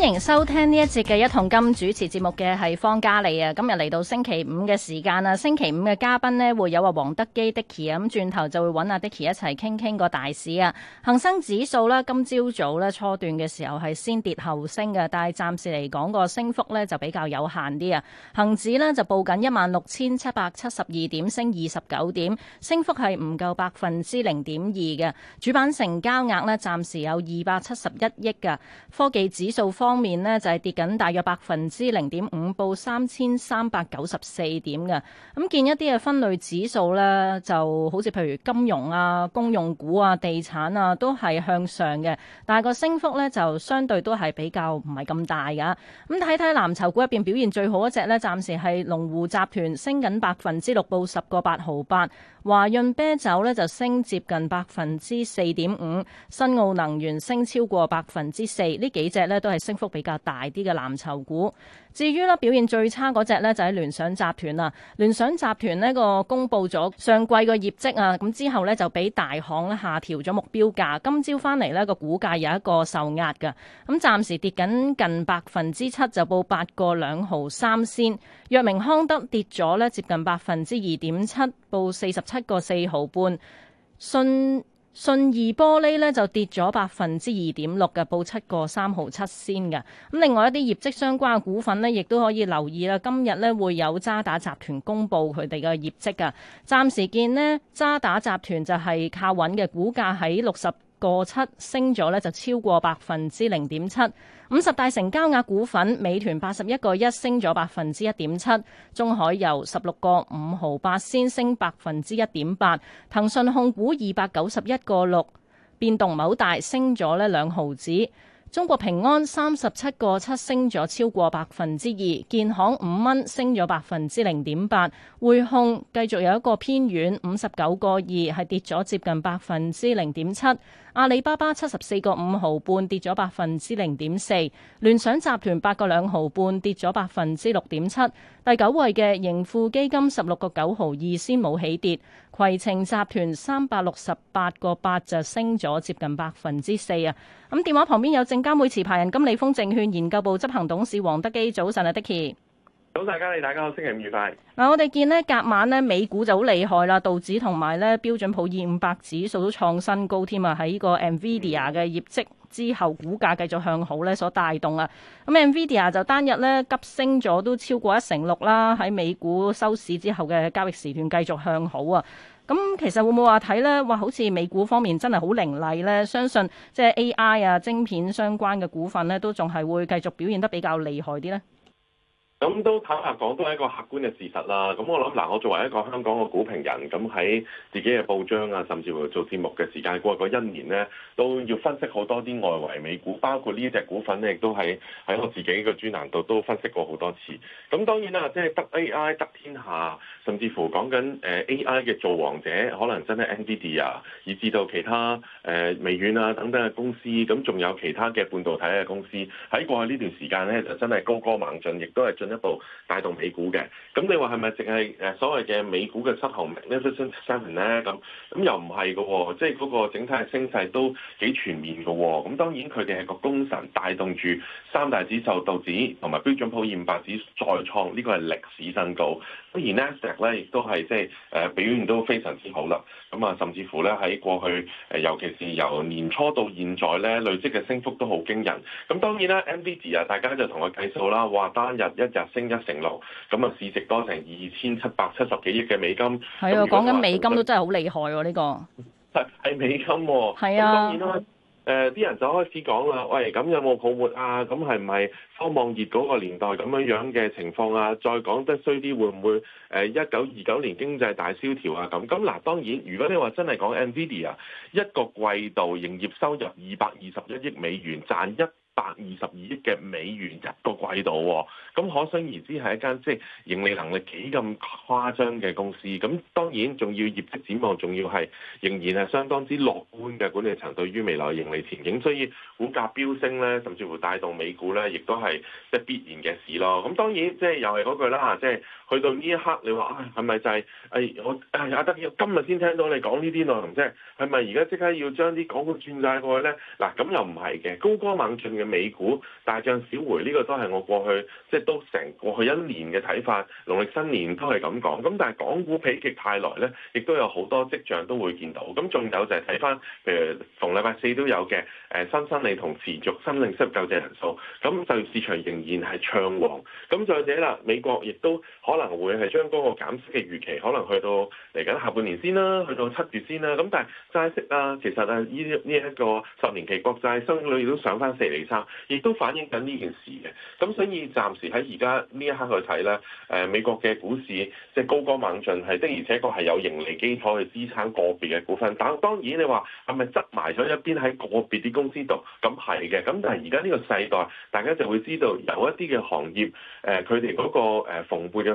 歡迎收聽呢一節嘅一桶金，主持節目嘅係方嘉莉啊，今日嚟到星期五嘅時間啦，星期五嘅嘉賓咧會有啊黃德幾 Dicky 啊，咁轉頭就會揾阿 Dicky 一齊傾傾個大市啊。恒生指數啦，今朝早咧初，初段嘅時候係先跌後升嘅，但係暫時嚟講個升幅咧就比較有限啲啊。恒指咧就報緊一萬六千七百七十二點，升二十九點，升幅係唔夠百分之零點二嘅。主板成交額咧暫時有二百七十一億㗎。科技指數方面呢，就係、是、跌緊大約百分之零點五，報三千三百九十四點嘅。咁見一啲嘅分類指數呢，就好似譬如金融啊、公用股啊、地產啊，都係向上嘅。但係個升幅呢，就相對都係比較唔係咁大噶。咁睇睇藍籌股入邊表現最好一隻呢，暫時係龍湖集團升緊百分之六，報十個八毫八。華潤啤酒呢就升接近百分之四點五。新奧能源升超過百分之四，幾呢幾隻呢都係升。幅比較大啲嘅藍籌股，至於咧表現最差嗰隻呢，就係聯想集團啦。聯想集團呢個公布咗上季嘅業績啊，咁之後呢，就俾大行咧下調咗目標價，今朝翻嚟呢個股價有一個受壓嘅，咁暫時跌緊近百分之七，就報八個兩毫三先。藥明康德跌咗呢接近百分之二點七，報四十七個四毫半。信信義玻璃咧就跌咗百分之二點六嘅，報七個三毫七先㗎。咁另外一啲業績相關嘅股份呢，亦都可以留意啦。今日呢會有渣打集團公布佢哋嘅業績嘅。暫時見呢，渣打集團就係靠穩嘅，股價喺六十個七升咗咧就超過百分之零點七，五十大成交額股份，美團八十一個一升咗百分之一點七，中海油十六個五毫八先升百分之一點八，騰訊控股二百九十一個六變動冇大，升咗呢兩毫子。中國平安三十七個七升咗超過百分之二，建行五蚊升咗百分之零點八，匯控繼續有一個偏軟五十九個二係跌咗接近百分之零點七，阿里巴巴七十四個五毫半跌咗百分之零點四，聯想集團八個兩毫半跌咗百分之六點七，第九位嘅盈富基金十六個九毫二先冇起跌。携程集團三百六十八個八就升咗接近百分之四啊！咁電話旁邊有證監會持牌人金利豐證券研究部執行董事黃德幾，早晨啊 Dicky 早大家好，大家好，星期五愉快。嗱、啊，我哋見呢隔晚呢美股就好厲害啦，道指同埋呢標準普爾五百指數都創新高添啊！喺呢個 Nvidia 嘅業績。之後股價繼續向好咧，所帶動啊！咁 Nvidia 就單日咧急升咗都超過一成六啦，喺美股收市之後嘅交易時段繼續向好啊！咁其實會唔會話睇咧？哇，好似美股方面真係好凌厲咧！相信即係 AI 啊晶片相關嘅股份呢，都仲係會繼續表現得比較厲害啲呢。咁都坦白講，都係一個客觀嘅事實啦。咁我諗嗱，我作為一個香港嘅股評人，咁喺自己嘅報章啊，甚至乎做節目嘅時間過去一年咧，都要分析好多啲外圍美股，包括呢隻股份咧，亦都係喺我自己嘅專欄度都分析過好多次。咁當然啦，即係得 AI 得天下，甚至乎講緊誒 AI 嘅造王者，可能真係 NVDA，以至到其他誒微軟啊等等嘅公司，咁仲有其他嘅半導體嘅公司，喺過去呢段時間咧，就真係高歌猛進，亦都係一步帶動美股嘅，咁你話係咪淨係誒所謂嘅美股嘅失衡？一升三平咧，咁咁又唔係嘅喎，即係嗰個整體嘅升勢都幾全面嘅喎、哦。咁當然佢哋係個功臣，帶動住三大指數道指同埋標準普爾五百指再創呢、呢個係歷史新高。當然咧，納指咧亦都係即係誒表現都非常之好啦。咁、嗯、啊，甚至乎咧喺過去誒，尤其是由年初到現在咧，累積嘅升幅都好驚人。咁、嗯、當然啦，M V 字啊，G, 大家就同我計數啦。話，單日一日升一成六，咁、嗯、啊，市值多成二千七百七十幾億嘅美金。係啊的，講緊美金都真係好厲害喎、啊，呢、這個係係美金喎、哦。啊是的、嗯。誒啲、呃、人就開始講啦，喂，咁有冇泡沫啊？咁係唔係科網熱嗰個年代咁樣樣嘅情況啊？再講得衰啲，會唔會誒一九二九年經濟大蕭條啊？咁咁嗱，當然如果你話真係講 Nvidia，一個季度營業收入二百二十一億美元，賺一。百二十二億嘅美元一個季度，咁可想而知係一間即係盈利能力幾咁誇張嘅公司。咁當然仲要業績展望，仲要係仍然係相當之樂觀嘅管理層對於未來嘅盈利前景。所以股價飆升咧，甚至乎帶動美股咧，亦都係即係必然嘅事咯。咁當然即係又係嗰句啦嚇，即係。去到呢一刻你，你話啊係咪就係、係、誒、哎、我阿德、哎？今日先聽到你講呢啲內容啫，係咪而家即刻要將啲港股轉曬過去咧？嗱、啊、咁又唔係嘅，高歌猛進嘅美股大漲小回呢、呢個都係我過去即係、就係、都成過去一年嘅睇法。農曆新年都係咁講，咁但係港股否極泰來咧，亦都有好多跡象都會見到。咁仲有就係睇翻，譬如逢禮拜四都有嘅新申領同持續申領失業救濟人數，咁就業市場仍然係暢旺。咁再者啦，美國亦都可。可能會係將嗰個減息嘅預期，可能去到嚟緊下半年先啦，去到七月先啦。咁但係債息啦，其實啊，呢呢一個十年期國債收益率都上翻四厘三，亦都反映緊呢件事嘅。咁所以暫時喺而家呢一刻去睇咧，誒美國嘅股市即係高歌猛進是，係的，而且確係有盈利基礎去支撐個別嘅股份。但當然你話係咪執埋咗一邊喺個別啲公司度？咁係嘅。咁但係而家呢個世代，大家就會知道有一啲嘅行業，誒佢哋嗰個誒逢背嘅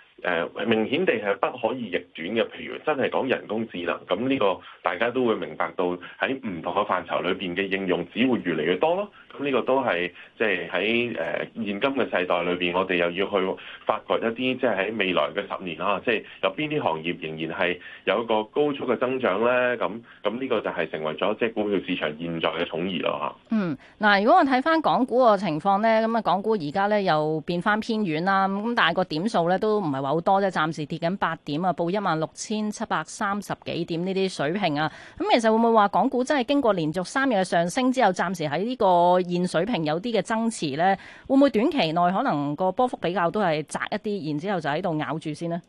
誒明顯地係不可以逆轉嘅，譬如真係講人工智能，咁呢個大家都會明白到喺唔同嘅範疇裏面嘅應用，只會越嚟越多咯。咁呢個都係即係喺誒現今嘅世代裏面，我哋又要去發掘一啲即係喺未來嘅十年啦。即係有邊啲行業仍然係有一個高速嘅增長咧？咁咁呢個就係成為咗即係股票市場現在嘅寵兒咯嚇。嗯，嗱，如果我睇翻港股個情況咧，咁啊，港股而家咧又變翻偏軟啦，咁但係個點數咧都唔係話好多啫，暫時跌緊八點啊，報一萬六千七百三十幾點呢啲水平啊。咁其實會唔會話港股真係經過連續三日嘅上升之後，暫時喺呢個現水平有啲嘅增持呢？會唔會短期內可能個波幅比較都係窄一啲，然之後就喺度咬住先呢？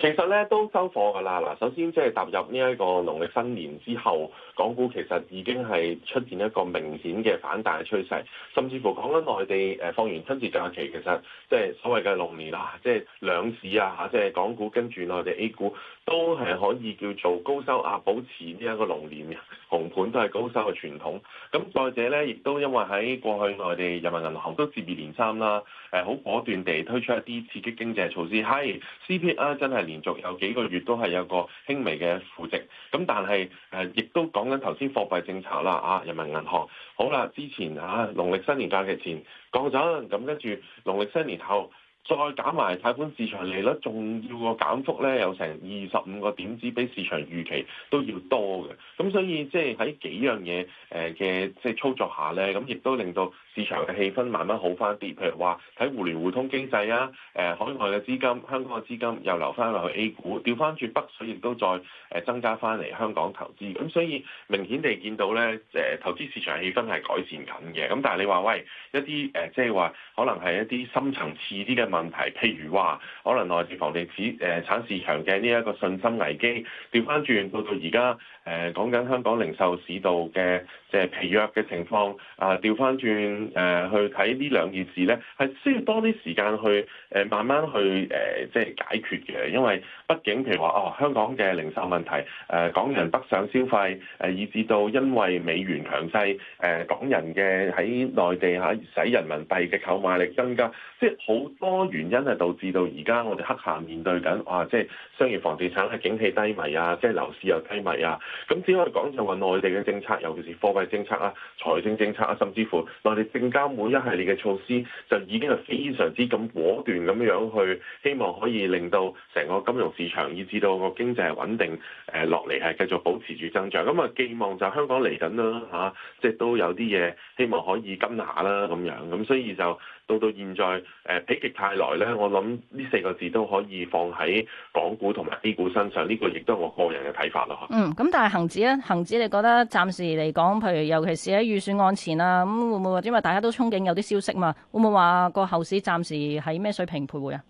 其實咧都收貨㗎啦，嗱首先即係踏入呢一個農曆新年之後，港股其實已經係出現一個明顯嘅反彈嘅趨勢，甚至乎講緊內地誒放完春節假期，其實即係所謂嘅龍年啦，即係兩市啊嚇，即係港股跟住內地 A 股。都係可以叫做高收壓保持呢一個龍年嘅紅盤都係高收嘅傳統。咁再者呢，亦都因為喺過去內地人民銀行都接二連三啦，誒好果斷地推出一啲刺激經濟措施，係 CPI 真係連續有幾個月都係有一個輕微嘅負值。咁但係誒，亦都講緊頭先貨幣政策啦，啊人民銀行好啦，之前啊農曆新年假期前降準，咁跟住農曆新年後。再減埋貸款市場利率，仲要個減幅咧有成二十五個點子，比市場預期都要多嘅。咁所以即係喺幾樣嘢誒嘅即係操作下咧，咁亦都令到市場嘅氣氛慢慢好翻啲。譬如話喺互聯互通經濟啊，誒海外嘅資金、香港嘅資金又流翻落去 A 股，調翻轉北水亦都再誒增加翻嚟香港投資。咁所以明顯地見到咧誒投資市場氣氛係改善緊嘅。咁但係你話喂一啲誒即係話可能係一啲深層次啲嘅問題，譬如話，可能內地房地產市場嘅呢一個信心危機，調翻轉到到而家誒講緊香港零售市道嘅誒、即係、疲弱嘅情況，啊調翻轉誒去睇呢兩件事呢，係需要多啲時間去誒、呃、慢慢去誒即係解決嘅，因為畢竟譬如話哦，香港嘅零售問題，誒、呃、港人北上消費誒、呃，以至到因為美元強勢，誒、呃、港人嘅喺內地嚇使人民幣嘅購買力增加，即係好多。原因係導致到而家我哋刻下面對緊，哇！即係商業房地產係景氣低迷啊，即係樓市又低迷啊。咁只可以講就話內地嘅政策，尤其是貨幣政策啊、財政政策啊，甚至乎內地證監會一系列嘅措施，就已經係非常之咁果斷咁樣去，希望可以令到成個金融市場，以至到個經濟係穩定誒落嚟係繼續保持住增長。咁啊，寄望就香港嚟緊啦，嚇！即係都有啲嘢希望可以跟下啦，咁樣咁，所以就。到到現在，誒否極泰來咧，我諗呢四個字都可以放喺港股同埋 A 股身上，呢、這個亦都係我個人嘅睇法咯，嗯，咁但係恒指咧，恒指你覺得暫時嚟講，譬如尤其是喺預算案前啊，咁會唔會或者因為大家都憧憬有啲消息嘛？會唔會話個後市暫時喺咩水平徘徊啊？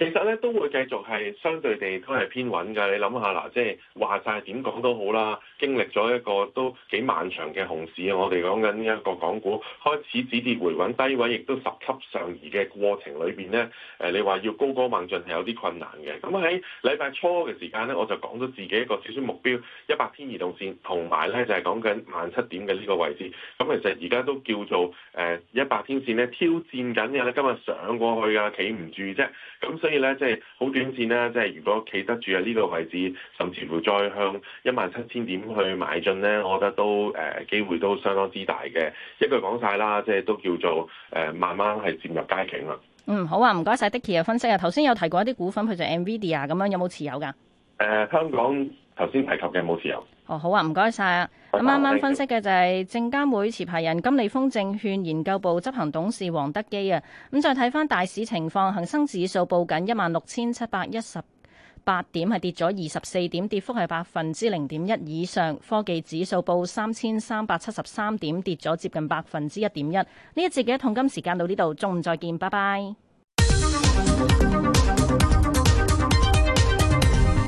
其實咧都會繼續係相對地都係偏穩㗎。你諗下嗱，即係話晒點講都好啦，經歷咗一個都幾漫長嘅熊市啊。我哋講緊呢一個港股開始止跌回穩低位，亦都十天線上移嘅過程裏邊咧，誒，你話要高歌猛進係有啲困難嘅。咁喺禮拜初嘅時間咧，我就講咗自己一個小小目標：一百天移動線，同埋咧就係講緊萬七點嘅呢個位置。咁其實而家都叫做誒一百天線咧挑戰緊嘅，今日上過去㗎，企唔住啫。咁所以咧，即係好短線啦，即係如果企得住喺呢個位置，甚至乎再向一萬七千點去買進咧，我覺得都誒、呃、機會都相當之大嘅。一句講晒啦，即係都叫做誒、呃、慢慢係漸入佳境啦。嗯，好啊，唔該晒。Dicky 嘅分析啊，頭先有提過一啲股份，譬如就 Nvidia 咁樣，有冇持有噶？誒、呃，香港。頭先提及嘅冇自由。哦，好啊，唔該晒啊。咁啱啱分析嘅就係證監會持牌人金利豐證券研究部執行董事黃德幾啊。咁再睇翻大市情況，恒生指數報緊一萬六千七百一十八點，係跌咗二十四點，跌幅係百分之零點一以上。科技指數報三千三百七十三點，跌咗接近百分之一點一。呢一節嘅一桶金時間到呢度，中午再見，拜拜。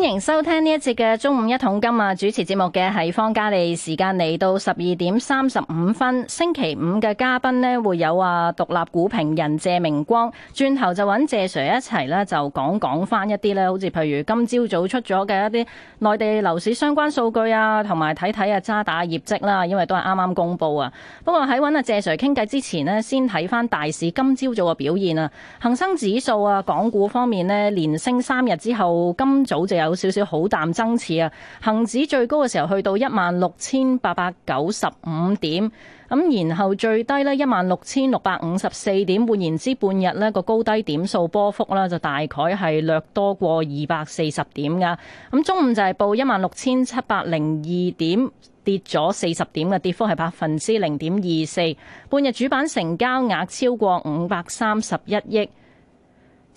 歡迎收聽呢一節嘅中午一桶金啊！主持節目嘅係方嘉利。時間嚟到十二點三十五分，星期五嘅嘉賓咧會有啊獨立股評人謝明光，轉頭就揾謝 s 一齊咧就講講翻一啲咧，好似譬如今朝早出咗嘅一啲內地樓市相關數據啊，同埋睇睇啊渣打業績啦、啊，因為都係啱啱公布啊。不過喺揾阿謝 s i 傾偈之前咧，先睇翻大市今朝早嘅表現啊，恒生指數啊，港股方面咧連升三日之後，今早就有。有少少好淡爭持啊，恒指最高嘅時候去到一萬六千八百九十五點，咁然後最低呢，一萬六千六百五十四點，換言之，半日呢個高低點數波幅呢就大概係略多過二百四十點噶。咁中午就係報一萬六千七百零二點，跌咗四十點嘅跌幅係百分之零點二四，半日主板成交額超過五百三十一億。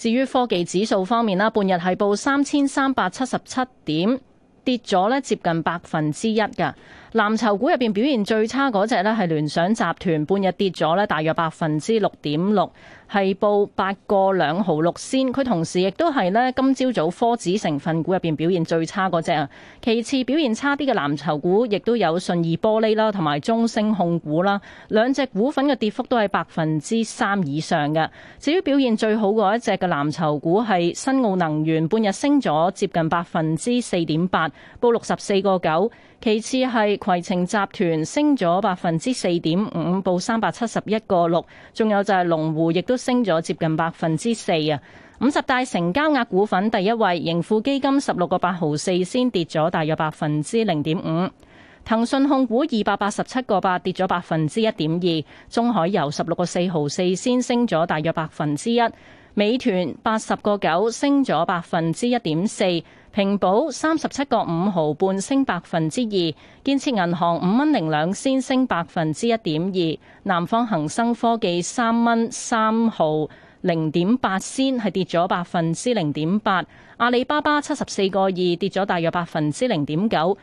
至於科技指數方面啦，半日係報三千三百七十七點，跌咗咧接近百分之一㗎。藍籌股入面表現最差嗰隻呢係聯想集團，半日跌咗呢，大約百分之六點六，係報八個兩毫六仙。佢同時亦都係呢今朝早科指成分股入面表現最差嗰隻啊。其次表現差啲嘅藍籌股，亦都有順義玻璃啦，同埋中升控股啦，兩隻股份嘅跌幅都係百分之三以上嘅。至於表現最好嗰一隻嘅藍籌股係新奧能源，半日升咗接近百分之四點八，報六十四個九。其次係攜程集團升咗百分之四點五，報三百七十一個六。仲有就係龍湖，亦都升咗接近百分之四啊。五十大成交額股份第一位，盈富基金十六個八毫四先跌咗大約百分之零點五。騰訊控股二百八十七個八跌咗百分之一點二。中海油十六個四毫四先升咗大約百分之一。美團八十個九升咗百分之一點四。平保三十七個五毫半升百分之二，建設銀行五蚊零兩先升百分之一點二，南方恒生科技三蚊三毫零點八先係跌咗百分之零點八，阿里巴巴七十四個二跌咗大約百分之零點九，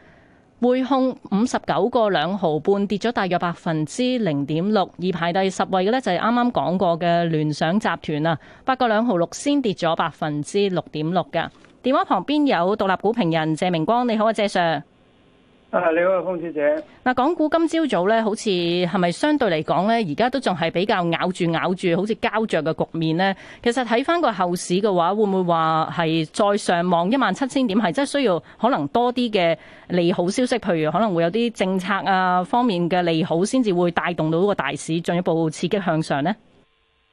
滙控五十九個兩毫半跌咗大約百分之零點六，而排第十位嘅，呢就係啱啱講過嘅聯想集團啊，八個兩毫六先跌咗百分之六點六㗎。電話旁邊有獨立股評人謝明光，你好啊，謝 Sir。你好啊，方小姐。嗱，港股今朝早咧，好似係咪相對嚟講咧，而家都仲係比較咬住咬住，好似膠着嘅局面呢？其實睇翻個後市嘅話，會唔會話係再上望一萬七千點？係真係需要可能多啲嘅利好消息，譬如，可能會有啲政策啊方面嘅利好，先至會帶動到個大市進一步刺激向上呢？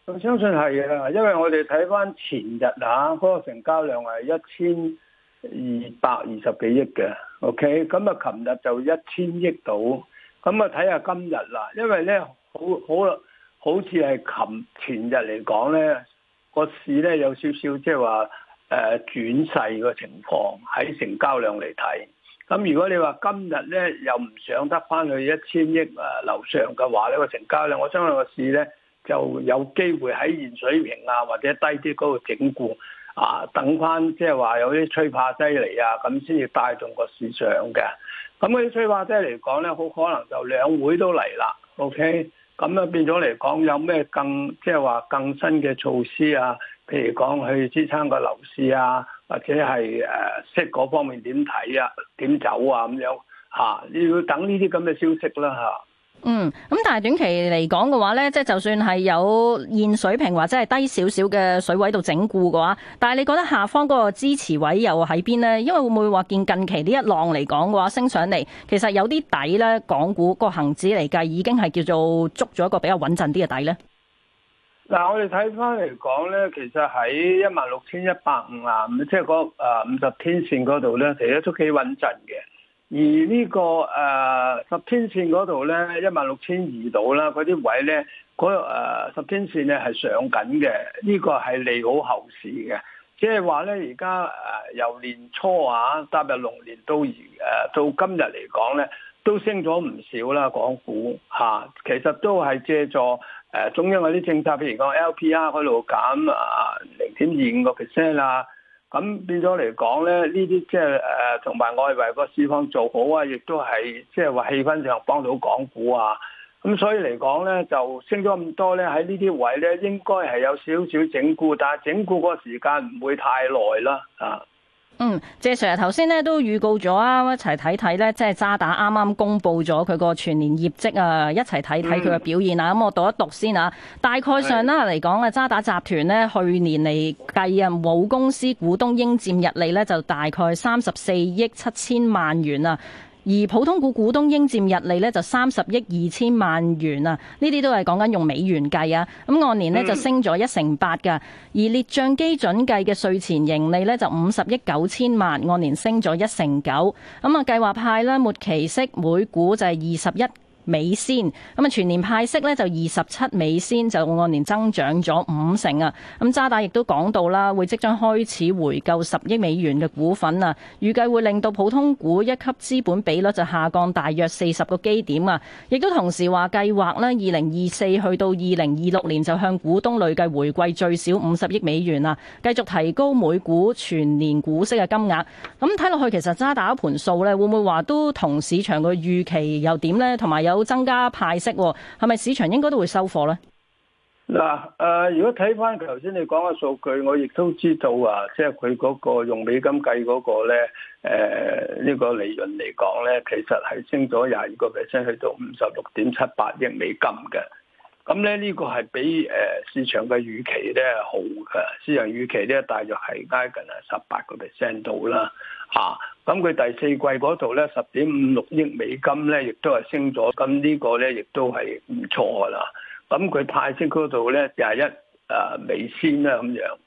我相信係啊，因為我哋睇翻前日啊，嗰個成交量係一千二百二十幾億嘅，OK。咁啊，琴日就一千億度，咁啊睇下今日啦。因為咧，好好好似係琴前日嚟講咧，個市咧有少少即係話誒轉勢嘅情況喺成交量嚟睇。咁如果你話今日咧又唔想得翻去一千億啊樓上嘅話咧，個成交量我相信個市咧。就有機會喺現水平啊，或者低啲嗰度整固啊，等翻即係話有啲催化劑嚟啊，咁先至帶動個市場嘅。咁嗰啲催化劑嚟講咧，好可能就兩會都嚟啦。OK，咁啊變咗嚟講，有咩更即係話更新嘅措施啊？譬如講去支撐個樓市啊，或者係誒息嗰方面點睇啊？點走啊？咁樣嚇要等呢啲咁嘅消息啦嚇。啊。嗯，咁但係短期嚟講嘅話咧，即係就算係有現水平或者係低少少嘅水位度整固嘅話，但係你覺得下方嗰個支持位又喺邊呢？因為會唔會話見近期呢一浪嚟講嘅話升上嚟，其實有啲底咧？港股個恒指嚟計已經係叫做捉咗一個比較穩陣啲嘅底咧？嗱，我哋睇翻嚟講咧，其實喺一萬六千一百五啊，五，即係個誒五十天綫嗰度咧，其實都幾穩陣嘅。而呢、這個誒、呃、十天線嗰度咧，一萬六千二度啦，嗰啲位咧，嗰、那、誒、個呃、十天線咧係上緊嘅，呢、這個係利好後市嘅。即係話咧，而家誒由年初啊踏入龍年到而、呃、到今日嚟講咧，都升咗唔少啦，港股嚇、啊。其實都係借助誒、呃、中央嗰啲政策，譬如講 LPR 嗰度減、呃、啊零點二五個 percent 啦。咁變咗嚟講咧，呢啲即係誒，同、呃、埋外圍個市況做好啊，亦都係即係話氣氛上幫到港股啊。咁所以嚟講咧，就升咗咁多咧，喺呢啲位咧應該係有少少整固，但係整固個時間唔會太耐啦啊。嗯，謝 Sir 頭先咧都預告咗啊，一齊睇睇咧，即係渣打啱啱公布咗佢個全年業績啊，一齊睇睇佢嘅表現啊！咁、嗯、我讀一讀先啊，大概上啦嚟講啊，是渣打集團呢，去年嚟計啊，母公司股東應佔溢利呢，就大概三十四億七千萬元啊。而普通股股東應佔溢利呢，就三十億二千萬元啊，呢啲都係講緊用美元計啊，咁按年呢，就升咗一成八噶，而列賬基準計嘅稅前盈利呢，就五十億九千萬，按年升咗一成九、嗯，咁啊計劃派呢，末期息每股就係二十一美仙咁啊，全年派息咧就二十七美仙，就按年增長咗五成啊！咁渣打亦都講到啦，會即將開始回購十億美元嘅股份啊，預計會令到普通股一級資本比率就下降大約四十個基點啊！亦都同時話計劃咧，二零二四去到二零二六年就向股東累計回饋最少五十億美元啊，繼續提高每股全年股息嘅金額，咁睇落去其實渣打盤數咧，會唔會話都同市場個預期又點咧？同埋有。有增加派息，係咪市場應該都會收貨咧？嗱，誒，如果睇翻頭先你講嘅數據，我亦都知道啊，即係佢嗰個用美金計嗰個咧，誒、呃，呢個利潤嚟講咧，其實係升咗廿二個 percent，去到五十六點七八億美金嘅。咁咧呢個係比誒市場嘅預期咧好嘅，市場預期咧大約係挨近係十八個 percent 度啦，嚇。咁、啊、佢第四季嗰度咧十點五六億美金咧，亦都係升咗，咁呢個咧亦都係唔錯噶啦。咁佢派息嗰度咧廿一啊美仙啦咁樣，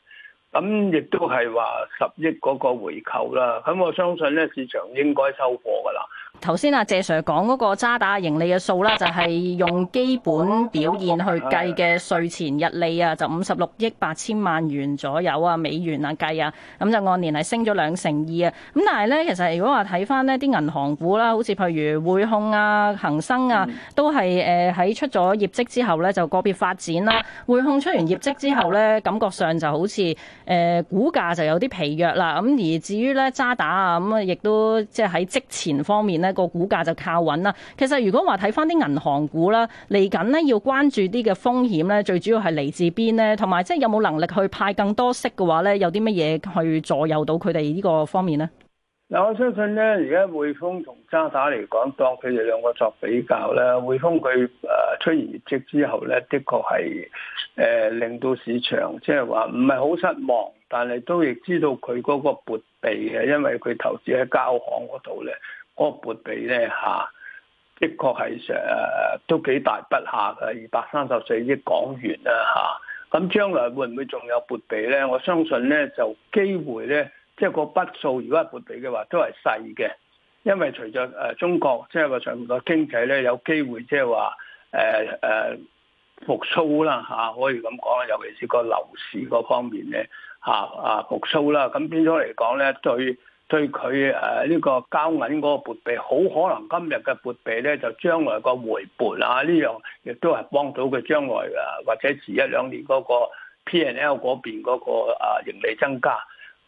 咁亦都係話十億嗰個回購啦。咁我相信咧市場應該收貨噶啦。頭先啊，謝 Sir 講嗰個渣打盈利嘅數啦，就係用基本表現去計嘅稅前溢利啊，就五十六億八千萬元左右啊，美元啊計啊，咁就按年係升咗兩成二啊。咁但係呢，其實如果話睇翻呢啲銀行股啦，好似譬如匯控啊、恒生啊，都係誒喺出咗業績之後呢，就個別發展啦。匯控出完業績之後呢，感覺上就好似誒股價就有啲疲弱啦。咁而至於呢，渣打啊，咁啊亦都即係喺職前方面呢。個股價就靠穩啦。其實如果話睇翻啲銀行股啦，嚟緊呢要關注啲嘅風險咧，最主要係嚟自邊咧，同埋即係有冇能力去派更多息嘅話咧，有啲乜嘢去左右到佢哋呢個方面呢？嗱，我相信咧，而家匯豐同渣打嚟講，當佢哋兩個作比較咧，匯豐佢誒出完業績之後咧，的確係誒令到市場即係話唔係好失望，但係都亦知道佢嗰個撥備嘅，因為佢投資喺交行嗰度咧。嗰個撥備咧、啊、的確係、啊、都幾大筆下嘅二百三十四億港元咁，啊、將來會唔會仲有撥備咧？我相信咧就機會咧，即、就、係、是、個筆數，如果係撥備嘅話，都係細嘅。因為隨著中國即係個上個經濟咧有機會即係話誒復甦啦，啊、可以咁講啦。尤其是個樓市嗰方面咧嚇啊復甦啦。咁變咗嚟講咧對。對佢誒呢個交銀嗰個撥備，好可能今日嘅撥備咧，就將來個回撥啊，呢樣亦都係幫到佢將來啊，或者遲一兩年嗰個 P&L 嗰邊嗰個啊盈利增加。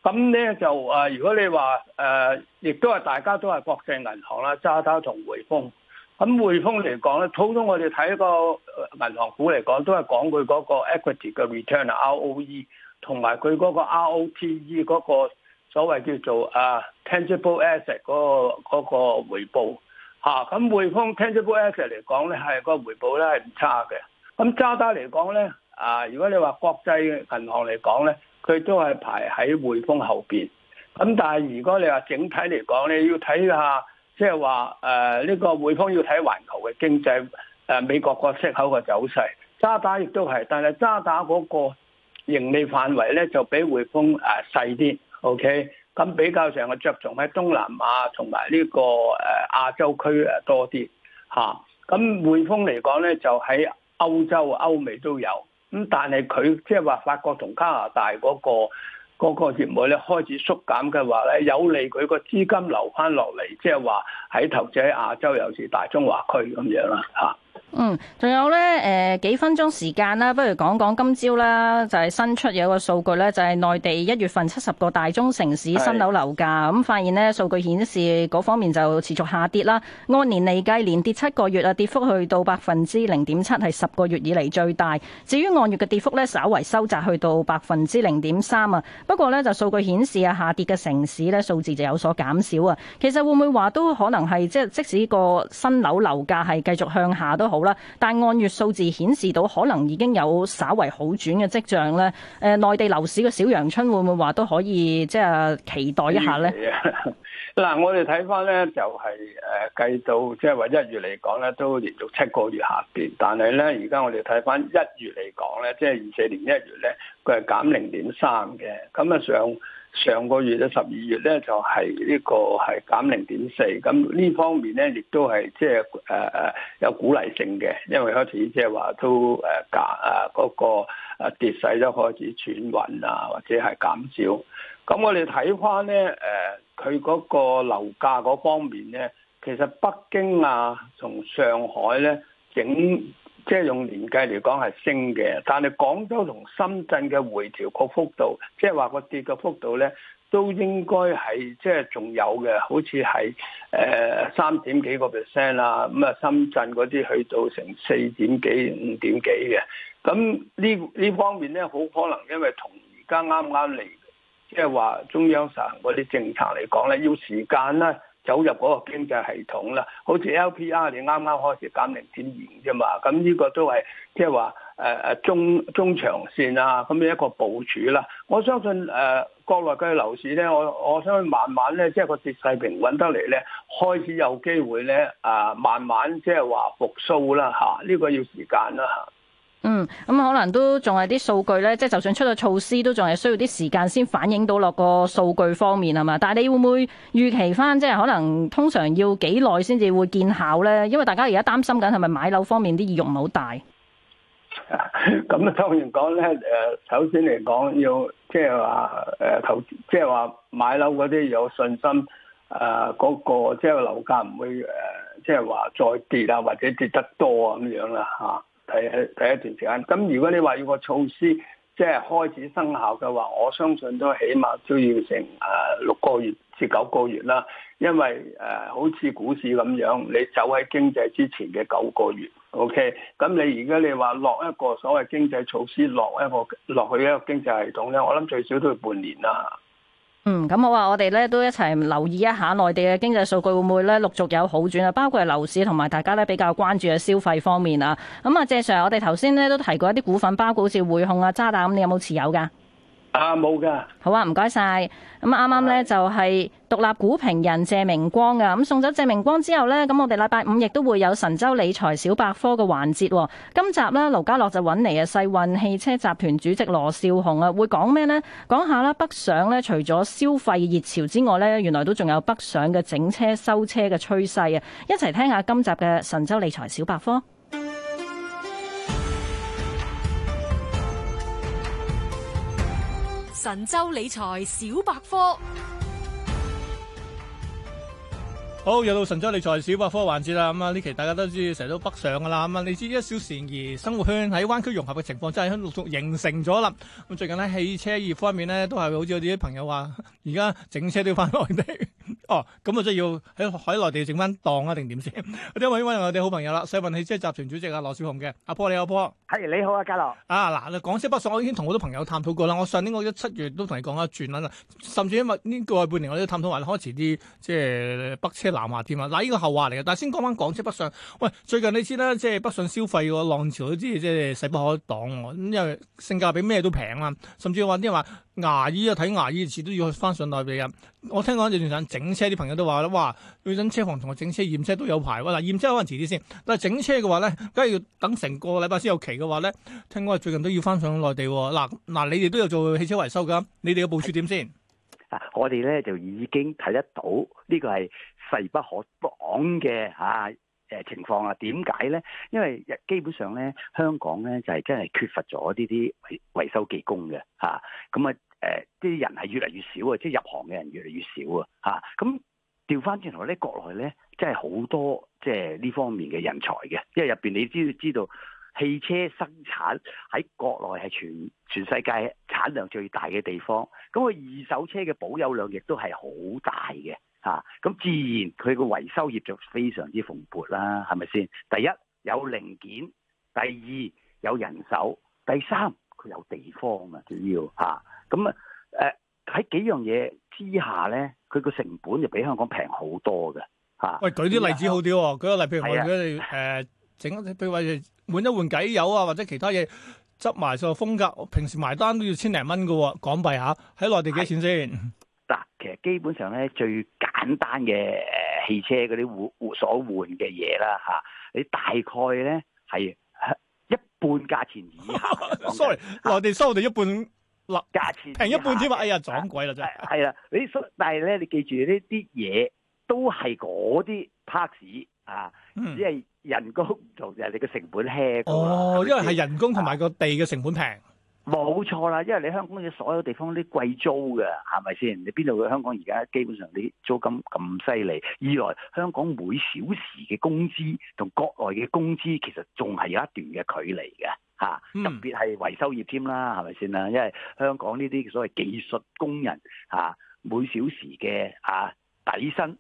咁咧就啊，如果你話誒，亦、呃、都係大家都係國際銀行啦，渣打同匯豐。咁匯豐嚟講咧，通常我哋睇個銀行股嚟講，都係講佢嗰個 equity 嘅 return 啊，ROE 同埋佢嗰個 ROTE 嗰、嗰個所謂叫做啊 tangible asset 嗰個回報，咁匯豐 tangible asset 嚟講咧，係個回報咧係唔差嘅。咁渣打嚟講咧，啊如果你話國際銀行嚟講咧，佢都係排喺匯豐後面。咁但係如果你話整體嚟講咧，你要睇下即係話誒呢個匯豐要睇環球嘅經濟，美國國息口嘅走勢，渣打亦都係，但係渣打嗰個盈利範圍咧就比匯豐誒細啲。OK，咁比較上嘅着重喺東南亞同埋呢個誒亞洲區多啲嚇，咁匯豐嚟講咧就喺歐洲歐美都有，咁但係佢即係話法國同加拿大嗰個嗰個業務咧開始縮減嘅話咧，有利佢個資金流翻落嚟，即係話喺投資喺亞洲，尤其是大中華區咁樣啦，嗯嗯，仲有呢，誒、呃，幾分鐘時間啦，不如講講今朝啦，就係、是、新出有個數據呢，就係、是、內地一月份七十個大中城市新樓樓價，咁的、嗯、發現呢，數據顯示嗰方面就持續下跌啦，按年嚟計連跌七個月啊，跌幅去到百分之零點七，係十個月以嚟最大。至於按月嘅跌幅呢，稍為收窄去到百分之零點三啊。不過呢，就數據顯示啊，下跌嘅城市呢，數字就有所減少啊。其實會唔會話都可能係即係，即使個新樓樓價係繼續向下都？都好啦，但按月數字顯示到可能已經有稍為好轉嘅跡象咧。誒，內地樓市嘅小陽春會唔會話都可以即係期待一下咧？嗱，我哋睇翻咧就係誒計到即係話一月嚟講咧都連續七個月下跌，但係咧而家我哋睇翻一月嚟講咧，即係二四年一月咧，佢係減零點三嘅，咁啊上。上個月咧十二月咧就係、是、呢個係減零點四，咁呢方面咧亦都係即係誒誒有鼓勵性嘅，因為開始即係話都誒價誒嗰個跌勢都開始轉緩啊，或者係減少。咁我哋睇翻咧誒佢嗰個樓價嗰方面咧，其實北京啊，從上海咧整。即係用年計嚟講係升嘅，但係廣州同深圳嘅回調個幅度，即係話個跌個幅度咧，都應該係即係仲有嘅，好似係誒三點幾個 percent 啦，咁啊深圳嗰啲去到成四點幾五點幾嘅，咁呢呢方面咧好可能因為同而家啱啱嚟，即係話中央實行嗰啲政策嚟講咧，要時間啦。走入嗰個經濟系統啦，好似 LPR 你啱啱開始減零點二啫嘛，咁呢個都係即係話中中長線啊，咁樣一個部署啦、啊。我相信誒、呃、國內嘅樓市咧，我我相信慢慢咧，即係個跌勢平穩得嚟咧，開始有機會咧啊，慢慢即係話復甦啦嚇，呢個要時間啦嚇。嗯，咁、嗯嗯、可能都仲係啲數據咧，即係就算出咗措施，都仲係需要啲時間先反映到落個數據方面係嘛？但係你會唔會預期翻，即係可能通常要幾耐先至會見效咧？因為大家而家擔心緊係咪買樓方面啲意欲唔好大？咁啊、嗯，當然講咧，誒，首先嚟講要即係話，誒，投即係話買樓嗰啲有信心，誒、呃，嗰、嗰個即係樓價唔會誒，即係話再跌啊，或者跌得多啊咁樣啦，吓、啊。第第一段時間，咁如果你話要個措施即係開始生效嘅話，我相信都起碼都要成誒六個月至九個月啦。因為誒好似股市咁樣，你走喺經濟之前嘅九個月，OK。咁你而家你話落一個所謂經濟措施，落一個落去一個經濟系統咧，我諗最少都要半年啦。嗯，咁好啊！我哋咧都一齊留意一下內地嘅經濟數據會唔會咧陸續有好轉啊？包括係樓市同埋大家咧比較關注嘅消費方面啊。咁啊，謝 Sir，我哋頭先咧都提過一啲股份，包括好似匯控啊、渣打咁，你有冇持有噶？啊，冇噶。好啊，唔該晒。咁啱啱呢就係獨立股評人謝明光啊。咁送咗謝明光之後呢，咁我哋禮拜五亦都會有神州理財小百科嘅環節。今集呢，盧家樂就搵嚟啊，世運汽車集團主席羅少雄啊，會講咩呢？講下啦，北上呢，除咗消費熱潮之外呢，原來都仲有北上嘅整車收車嘅趨勢啊！一齊聽下今集嘅神州理財小百科。神州理財小百科，好，又到神州理財小百科環節啦。咁啊，呢期大家都知成日都北上噶啦。咁啊，你知一小時而生活圈喺灣區融合嘅情況真係喺陸續形成咗啦。咁最近喺汽車業方面咧，都係好似有啲朋友話，而家整車都要翻內地。咁啊，真、哦、要喺喺內地整翻檔啊，定點先？因為我哋歡迎我哋好朋友啦，世運汽車集團主席阿羅小雄嘅阿波，你好阿波。係你好啊，嘉樂。啊嗱，港車北上，我已經同好多朋友探討過啦。我上年我一七月都同你講一轉啦，甚至因為呢個半年我都探討話，開始啲即係北車南下添啊。嗱，呢個後話嚟嘅。但係先講翻港車北上。喂，最近你知啦，即係北上消費嘅浪潮，都知，即係勢不可擋喎。咁因為性價比咩都平啊，甚至話啲人話牙醫啊，睇牙醫次都要去翻上內地啊。我聽講最近想整車，啲朋友都話啦，哇，要揾車房同我整車、驗車都有排。嗱，驗車可能遲啲先，但係整車嘅話咧，梗係要等成個禮拜先有期嘅話咧，聽講最近都要翻上內地。嗱、啊、嗱、啊，你哋都有做汽車維修噶，你哋嘅部署點先？啊，我哋咧就已經睇得到呢、這個係勢不可擋嘅吓誒情況啦。點解咧？因為基本上咧，香港咧就係、是、真係缺乏咗呢啲維維修技工嘅吓，咁啊。嗯啊誒啲人係越嚟越少，即係，越嚟越少啊！即係入行嘅人越嚟越少啊！嚇，咁調翻轉頭咧，國內咧即係好多即係呢方面嘅人才嘅，因為入邊你知知道汽車生產喺國內係全全世界產量最大嘅地方，咁個二手車嘅保有量亦都係好大嘅嚇。咁、啊、自然佢個維修業就非常之蓬勃啦，係咪先？第一有零件，第二有人手，第三佢有地方啊！主要嚇。咁啊，誒喺、呃、幾樣嘢之下咧，佢個成本就比香港平好多嘅嚇。啊、喂，舉啲例子好啲喎，哦，舉個例子譬如我哋誒、啊呃、整，譬如話換一換偈油啊，或者其他嘢執埋個風格，平時埋單都要千零蚊嘅喎，港幣嚇、啊，喺內地幾錢先？嗱，其實基本上咧，最簡單嘅汽車嗰啲換換所換嘅嘢啦嚇、啊，你大概咧係一半價錢以下。 Sorry，啊、內地收我哋一半。立價差平一半添啊！哎呀，撞鬼啦，真係係啦，你但係咧，你記住呢啲嘢都係嗰啲 p a s s 啊，只係、嗯、人工同人哋嘅成本 h 哦，是是因為係人工同埋個地嘅成本平。冇錯、啊、啦，因為你香港嘅所有地方啲貴租嘅，係咪先？你邊度嘅香港而家基本上啲租金咁犀利？二來香港每小時嘅工資同國內嘅工資其實仲係有一段嘅距離嘅。啊，嗯、特別係維修業添啦，係咪先啦？因為香港呢啲所謂技術工人，啊，每小時嘅啊底薪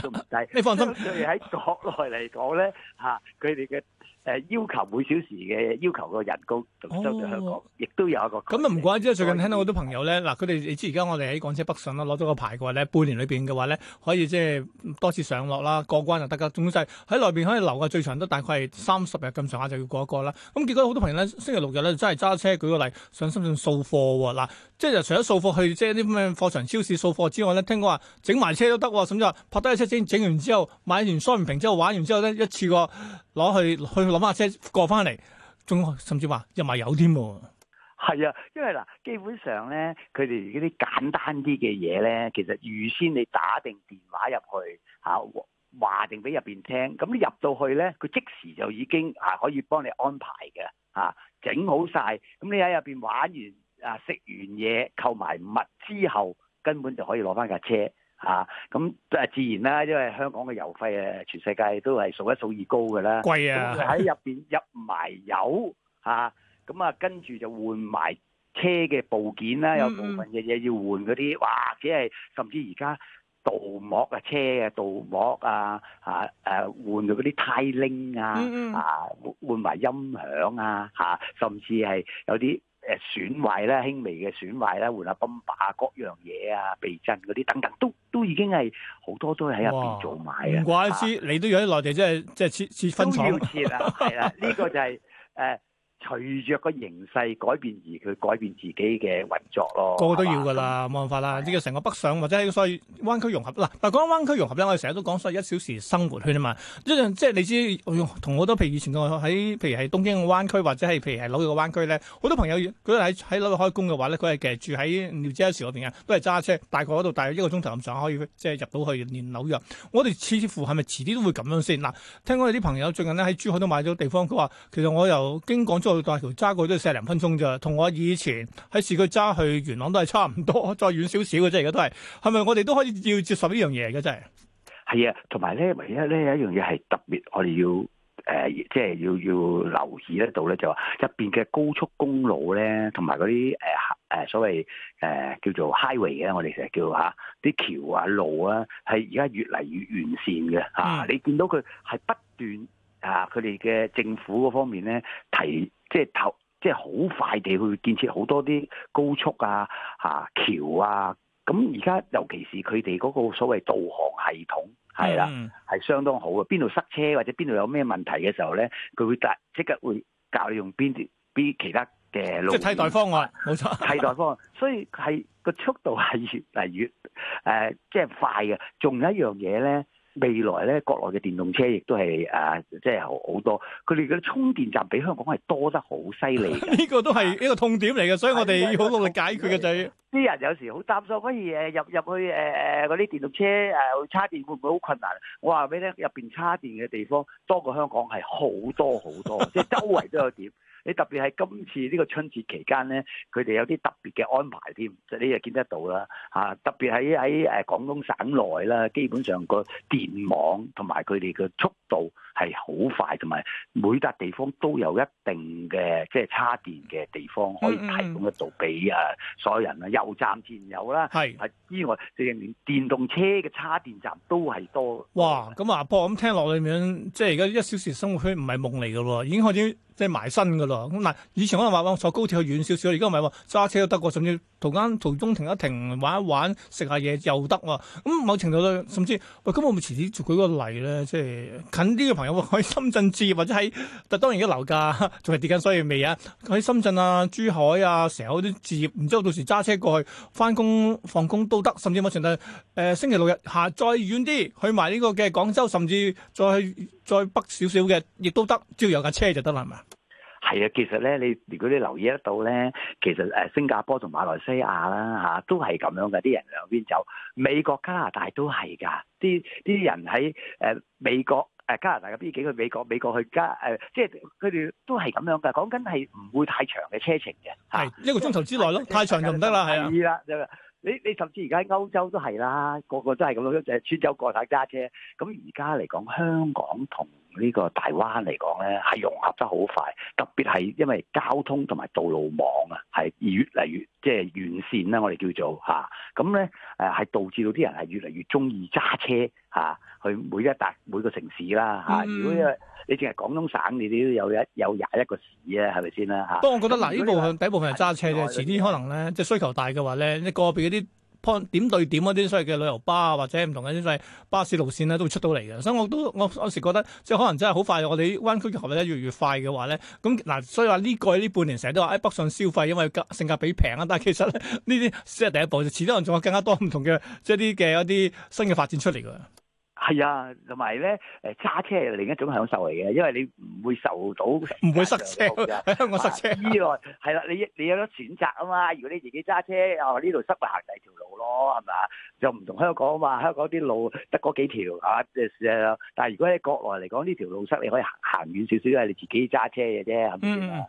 都唔低。 你放心，所以喺國內嚟講咧，嚇佢哋嘅。誒要求每小時嘅要求個人工，同收在香港，哦、亦都有一個咁啊！唔怪之得最近聽到好多朋友咧，嗱佢哋你知而家我哋喺港車北上啦，攞咗個牌嘅話咧，半年裏邊嘅話咧，可以即係多次上落啦，過關就得㗎。總之係喺內邊可以留嘅最長都大概係三十日咁上下就要過一過啦。咁結果好多朋友咧，星期六日咧真係揸車舉個例上深圳掃貨喎、哦、嗱。即係除咗掃貨去即係啲咩貨場、超市掃貨之外咧，聽講話整埋車都得，甚至話泊低車先整完之後，買完雙面屏之後玩完之後咧，一次過攞去去攞下車過翻嚟，仲甚至話入埋油添。係啊，因為嗱，基本上咧，佢哋嗰啲簡單啲嘅嘢咧，其實預先你打定電話入去嚇話定俾入邊聽，咁你入到去咧，佢即時就已經啊可以幫你安排嘅嚇、啊、整好晒，咁你喺入邊玩完。啊！食完嘢，購埋物之後，根本就可以攞翻架車嚇。咁誒，自然啦，因為香港嘅油費誒，全世界都係數一數二高嘅啦。貴啊！喺入邊入埋油嚇，咁啊，跟住就換埋車嘅部件啦。有部分嘅嘢要換嗰啲，或者係甚至而家鍍膜啊，車嘅鍍膜啊嚇誒，換嗰啲呔鈴啊啊，換換埋音響啊嚇，甚至係有啲。誒損壞啦，輕微嘅損壞啦，換下泵把，各樣嘢啊，避震嗰啲等等，都都已經係好多都喺入邊做埋，唔怪之，你都有喺內地真，即係即係設分廠。都要切係、啊、啦，呢、 啊呢個就係、係啊隨着個形勢改變而去改變自己嘅運作咯，個個都要㗎啦，冇、嗯、辦法啦。呢個成個北上或者係所謂灣區融合嗱、啊，但係講灣區融合咧，我哋成日都講所謂一小時生活圈啊嘛。一即係你知，同好多譬如以前我喺譬如係東京嘅灣區或者係譬如係紐約嘅灣區咧，好多朋友佢喺喺紐約開工嘅話咧，佢係其實住喺 New Jersey 嗰邊啊，都係揸車大概嗰度大約一個鐘頭咁上下可以即係、就是、入到去連紐約。我哋似乎係咪遲啲都會咁樣先？嗱、啊，聽講有啲朋友最近咧喺珠海都買咗地方，佢話其實我由經廣州。過大橋揸過都四零分鐘咋，同我以前喺市區揸去元朗都係差唔多，再遠少少嘅啫。而家都係，係咪我哋都可以要接受呢樣嘢嘅？真係係啊，同埋咧，唯一咧有一樣嘢係特別，我哋要誒，即係要要留意喺度咧，就話入邊嘅高速公路咧，同埋嗰啲誒誒所謂誒、呃、叫做 highway 嘅，我哋成日叫吓啲橋啊路啊，係而家越嚟越完善嘅吓、啊。你見到佢係不斷啊，佢哋嘅政府嗰方面咧提。即係頭即係好快地去建設好多啲高速啊、嚇、啊、橋啊。咁而家尤其是佢哋嗰個所謂導航系統係啦，係、嗯、相當好嘅。邊度塞車或者邊度有咩問題嘅時候咧，佢會即刻會教你用邊啲邊其他嘅路。即係替代方案，冇錯、啊，替代方案。 所以係個速度係越嚟越誒，即、呃、係、就是、快嘅。仲有一樣嘢咧。未來咧，國內嘅電動車亦都係誒，即係好多，佢哋嘅充電站比香港係多得好犀利。呢個都係一個痛點嚟嘅，所以我哋要好努力解決嘅就係。啲人有時好擔心，不如誒入入去誒誒嗰啲電動車誒去叉電會唔會好困難？我話俾你聽，入邊叉電嘅地方多過香港係好多好多，即係周圍都有點。 你特別係今次呢個春節期間咧，佢哋有啲特別嘅安排添，你又見得到啦嚇！特別喺喺誒廣東省內啦，基本上個電網同埋佢哋嘅速度係好快，同埋每笪地方都有一定嘅即係叉電嘅地方可以提供得到俾啊所有人啊、嗯嗯、油站電油啦，係是之外即係連電動車嘅叉電站都係多。哇！咁啊，不過咁聽落嚟樣，即係而家一小時生活圈唔係夢嚟嘅喎，已經開始。即係埋身噶咯咁嗱，以前可能話坐高鐵去遠少少，而家唔係喎，揸車都得過，甚至途間途中停一停玩一玩食下嘢又得喎。咁、嗯、某程度上，甚至喂，咁我咪遲啲做舉個例咧，即係近啲嘅朋友喎，喺深圳置業或者喺，但當然而家樓價仲係跌緊，所以未啊，喺深圳啊、珠海啊，成日好啲置業，然之後到時揸車過去翻工放工都得，甚至某程度上、呃、星期六日下再遠啲去埋呢個嘅廣州，甚至再再北少少嘅亦都得，只要有架車就得啦，係咪啊？係啊，其實咧，你如果你留意得到咧，其實誒新加坡同馬來西亞啦嚇，都係咁樣嘅，啲人兩邊走。美國加拿大都係㗎，啲啲人喺誒美國誒加拿大嘅邊幾境去美國？美國去加誒，即係佢哋都係咁樣嘅，講緊係唔會太長嘅車程嘅。係是是一個鐘頭之內咯，是太長就唔得啦，係啦。你你甚至而家喺歐洲都係啦，個個都係咁樣，就係穿州過海揸車。咁而家嚟講，香港同。呢個大灣嚟講咧，係融合得好快，特別係因為交通同埋道路網是越越、就是、啊，係越嚟越即係完善啦。我哋叫做吓，咁咧誒係導致到啲人係越嚟越中意揸車吓，去每一笪每個城市啦嚇。啊嗯、如果你淨係廣東省，你哋都有一有廿一個市啊，係咪先啦嚇？不過我覺得嗱，呢部分第一部分係揸車咧，遲啲可能咧即係需求大嘅話咧，個別嗰啲。點對點嗰啲所謂嘅旅遊巴或者唔同嘅所謂巴士路線咧都會出到嚟嘅，所以我都我有時覺得即係可能真係好快，我哋灣區嘅效率越嚟越快嘅話咧，咁嗱，所以話呢、呢個呢半年成日都話喺北上消費，因為價性價比平啊，但係其實呢啲先係第一步，就遲啲可能仲有更加多唔同嘅即係啲嘅一啲新嘅發展出嚟㗎。係啊，同埋咧誒揸車係另一種享受嚟嘅，因為你唔會受到唔會塞車，香港、啊、塞車依賴係啦，你你有得選擇啊嘛，如果你自己揸車哦，呢、啊、度塞咪行第二條路。咯，係嘛、嗯？又唔同香港啊嘛，香港啲路得嗰幾條啊，誒但係如果喺國內嚟講，呢條路塞，你可以行行遠少少，係你自己揸車嘅啫，係啊？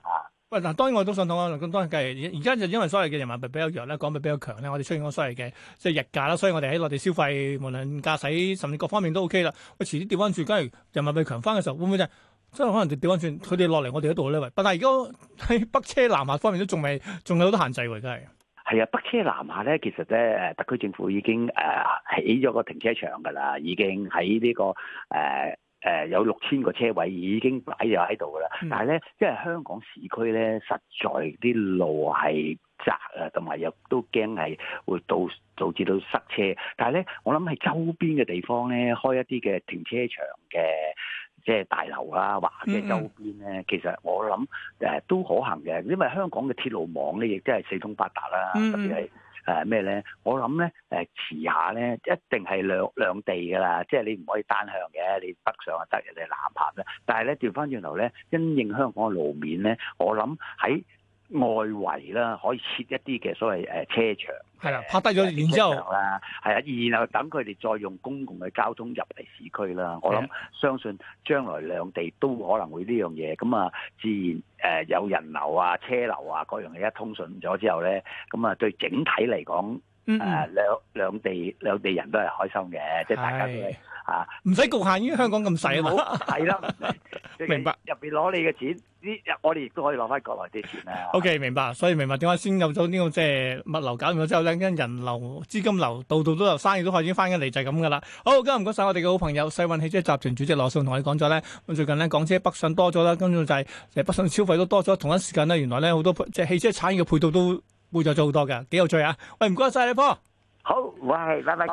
喂，嗱，當然我都想通咁當然，而而家就因為所謂嘅人民幣比較弱咧，港幣比較強咧，我哋出現嗰所謂嘅即係日價啦。所以我哋喺內地消費，無論駕駛甚至各方面都 OK 啦。喂，遲啲調翻轉，假如人民幣強翻嘅時候，會唔會就即係可能就調翻轉佢哋落嚟我哋嗰度咧？但係而家喺北車南下方面都仲未，仲有好多限制喎，都係。係啊，北車南下咧，其實咧，特區政府已經誒、呃、起咗個停車場㗎啦，已經喺呢、這個誒誒、呃呃、有六千個車位已經擺咗喺度㗎啦。嗯、但係咧，因為香港市區咧，實在啲路係窄啊，同埋又都驚係會導導致到塞車。但係咧，我諗係周邊嘅地方咧，開一啲嘅停車場嘅。即係大樓啦，或者周邊咧，嗯嗯其實我諗誒都可行嘅，因為香港嘅鐵路網咧，亦都係四通八達啦，嗯嗯特別係誒咩咧，我諗咧誒遲下咧一定係兩兩地㗎啦，即係你唔可以單向嘅，你北上啊得，人哋南下啦，但係咧調翻轉頭咧，因應香港嘅路面咧，我諗喺。外圍啦，可以設一啲嘅所謂車場，係啦，拍低咗，然之後啦，係啊，然後等佢哋再用公共嘅交通入嚟市區啦。我諗的相信將來兩地都可能會呢樣嘢，咁啊，自然有人流啊、車流啊嗰樣嘢一通順咗之後咧，咁啊，對整體嚟講。嗯，啊、兩兩地兩地人都係開心嘅，即係大家都唔使係、啊、局限於香港咁細，好係啦，明白入面攞你嘅錢，呢我哋亦都可以攞翻國內啲錢啊。OK，明白，所以明白點解先有咗呢個即係、就是、物流搞完咗之後咧，因人流資金流度度都由生意都開始翻緊嚟，就係咁噶啦。好，今日唔該晒我哋嘅好朋友世運汽車集團主席羅尚同我哋講咗咧，咁最近咧港車北上多咗啦，跟住就係係北上消費都多咗，同一時間咧原來咧好多即係汽車產業嘅配套都。會咗做好多嘅，幾有趣啊！喂，唔該晒你噃，好，喂，拜拜。